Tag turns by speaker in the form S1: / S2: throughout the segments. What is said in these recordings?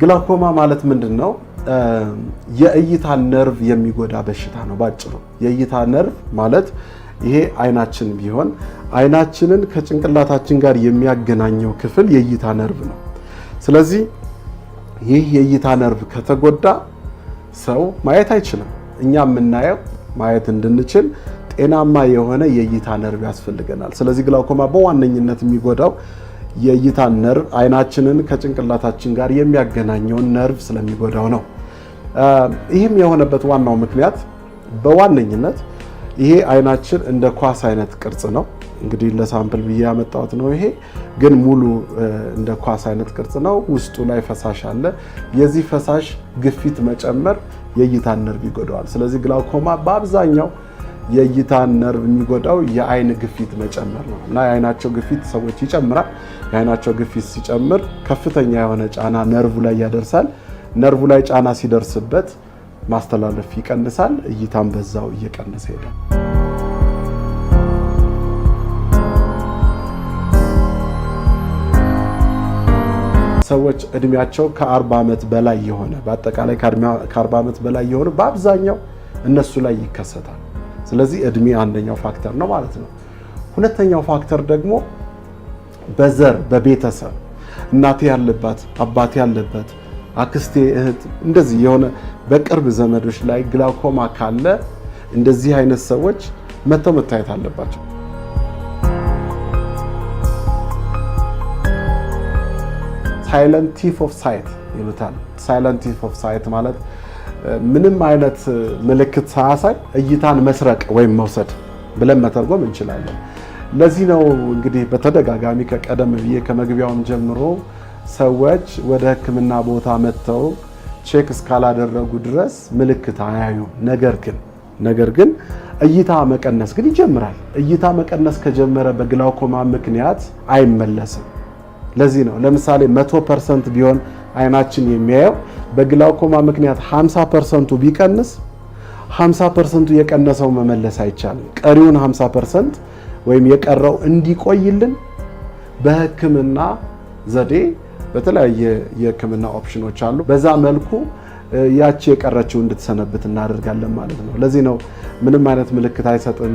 S1: ግላኮማ ማለት ምንድን ነው? የእይታ ነርቭ የሚጎዳ በሽታ ነው ባጭሩ። የእይታ ነርቭ ማለት ይሄ አይናችን ቢሆን አይናችንን ከጭንቅላታችን ጋር የሚያገናኘው ክፍል የእይታ ነርቭ ነው። ስለዚህ ይህ የእይታ ነርቭ ከተጎዳ ሰው ማየት አይችልም። እኛ የምናየው ማየት እንድንችል ጤናማ የሆነ የእይታ ነርቭ ያስፈልገናል። ስለዚህ ግላኮማ በዋነኝነት የሚጎዳው የእይታ ነርቭ አይናችንን ከጭንቅላታችን ጋር የሚያገናኘውን ነርቭ ስለሚጎዳው ነው። ይህም የሆነበት ዋናው ምክንያት በዋነኝነት ይሄ አይናችን እንደ ኳስ አይነት ቅርጽ ነው። እንግዲህ ለሳምፕል ብዬ ያመጣሁት ነው። ይሄ ግን ሙሉ እንደ ኳስ አይነት ቅርጽ ነው። ውስጡ ላይ ፈሳሽ አለ። የዚህ ፈሳሽ ግፊት መጨመር የእይታን ነርቭ ይጎዳዋል። ስለዚህ ግላውኮማ በአብዛኛው የእይታን ነርቭ የሚጎዳው የአይን ግፊት መጨመር ነው እና የአይናቸው ግፊት ሰዎች ይጨምራል። የአይናቸው ግፊት ሲጨምር ከፍተኛ የሆነ ጫና ነርቭ ላይ ያደርሳል። ነርቭ ላይ ጫና ሲደርስበት ማስተላለፍ ይቀንሳል። እይታን በዛው እየቀነሰ ሄደ። ሰዎች እድሜያቸው ከ40 ዓመት በላይ የሆነ በአጠቃላይ ከ40 ዓመት በላይ የሆኑ በአብዛኛው እነሱ ላይ ይከሰታል። ስለዚህ እድሜ አንደኛው ፋክተር ነው ማለት ነው። ሁለተኛው ፋክተር ደግሞ በዘር በቤተሰብ እናቴ ያለበት አባቴ ያለበት አክስቴ፣ እህት እንደዚህ የሆነ በቅርብ ዘመዶች ላይ ግላኮማ ካለ እንደዚህ አይነት ሰዎች መተው መታየት አለባቸው። ሳይለንት ቲፍ ኦፍ ሳይት ይሉታል። ሳይለንት ቲፍ ኦፍ ሳይት ማለት ምንም አይነት ምልክት ሳያሳይ እይታን መስረቅ ወይም መውሰድ ብለን መተርጎም እንችላለን። ለዚህ ነው እንግዲህ በተደጋጋሚ ከቀደም ብዬ ከመግቢያውም ጀምሮ ሰዎች ወደ ሕክምና ቦታ መጥተው ቼክ እስካላደረጉ ድረስ ምልክት አያዩ። ነገር ግን ነገር ግን እይታ መቀነስ ግን ይጀምራል። እይታ መቀነስ ከጀመረ በግላውኮማ ምክንያት አይመለስም። ለዚህ ነው ለምሳሌ መቶ ፐርሰንት ቢሆን አይናችን የሚያየው በግላውኮማ ምክንያት 50 ፐርሰንቱ ቢቀንስ 50 ፐርሰንቱ የቀነሰው መመለስ አይቻልም። ቀሪውን 50 ፐርሰንት ወይም የቀረው እንዲቆይልን በህክምና ዘዴ በተለያየ የህክምና ኦፕሽኖች አሉ። በዛ መልኩ ያቺ የቀረችው እንድትሰነብት እናደርጋለን ማለት ነው። ለዚህ ነው ምንም አይነት ምልክት አይሰጥም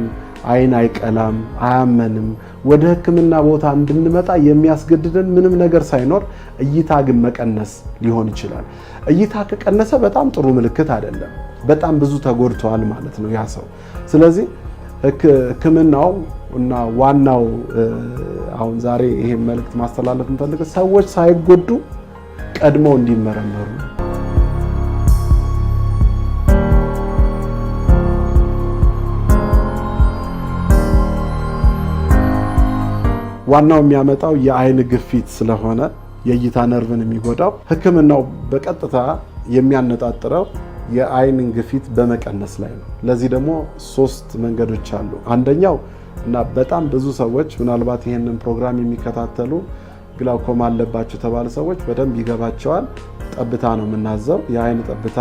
S1: አይን አይቀላም፣ አያመንም። ወደ ሕክምና ቦታ እንድንመጣ የሚያስገድደን ምንም ነገር ሳይኖር እይታ ግን መቀነስ ሊሆን ይችላል። እይታ ከቀነሰ በጣም ጥሩ ምልክት አይደለም። በጣም ብዙ ተጎድተዋል ማለት ነው ያ ሰው። ስለዚህ ሕክምናው እና ዋናው አሁን ዛሬ ይሄን መልእክት ማስተላለፍ እንፈልገ ሰዎች ሳይጎዱ ቀድመው እንዲመረመሩ ዋናው የሚያመጣው የአይን ግፊት ስለሆነ የእይታ ነርቭን የሚጎዳው ህክምናው በቀጥታ የሚያነጣጥረው የአይንን ግፊት በመቀነስ ላይ ነው። ለዚህ ደግሞ ሶስት መንገዶች አሉ። አንደኛው እና በጣም ብዙ ሰዎች ምናልባት ይህንን ፕሮግራም የሚከታተሉ ግላውኮማ አለባቸው የተባለ ሰዎች በደንብ ይገባቸዋል። ጠብታ ነው የምናዘው። የአይን ጠብታ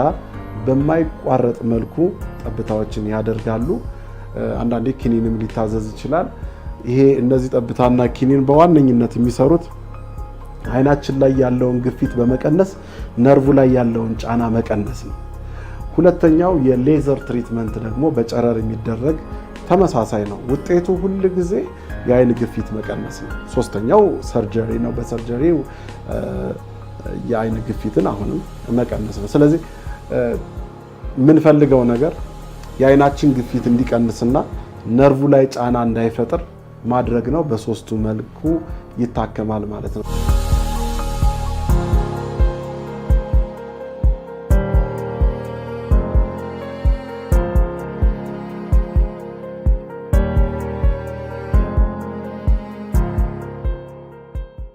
S1: በማይቋረጥ መልኩ ጠብታዎችን ያደርጋሉ። አንዳንዴ ኪኒንም ሊታዘዝ ይችላል። ይሄ እነዚህ ጠብታና ኪኒን በዋነኝነት የሚሰሩት አይናችን ላይ ያለውን ግፊት በመቀነስ ነርቭ ላይ ያለውን ጫና መቀነስ ነው። ሁለተኛው የሌዘር ትሪትመንት ደግሞ በጨረር የሚደረግ ተመሳሳይ ነው። ውጤቱ ሁል ጊዜ የአይን ግፊት መቀነስ ነው። ሶስተኛው ሰርጀሪ ነው። በሰርጀሪው የአይን ግፊትን አሁንም መቀነስ ነው። ስለዚህ የምንፈልገው ነገር የአይናችን ግፊት እንዲቀንስና ነርቭ ላይ ጫና እንዳይፈጥር ማድረግ ነው። በሶስቱ መልኩ ይታከማል ማለት ነው።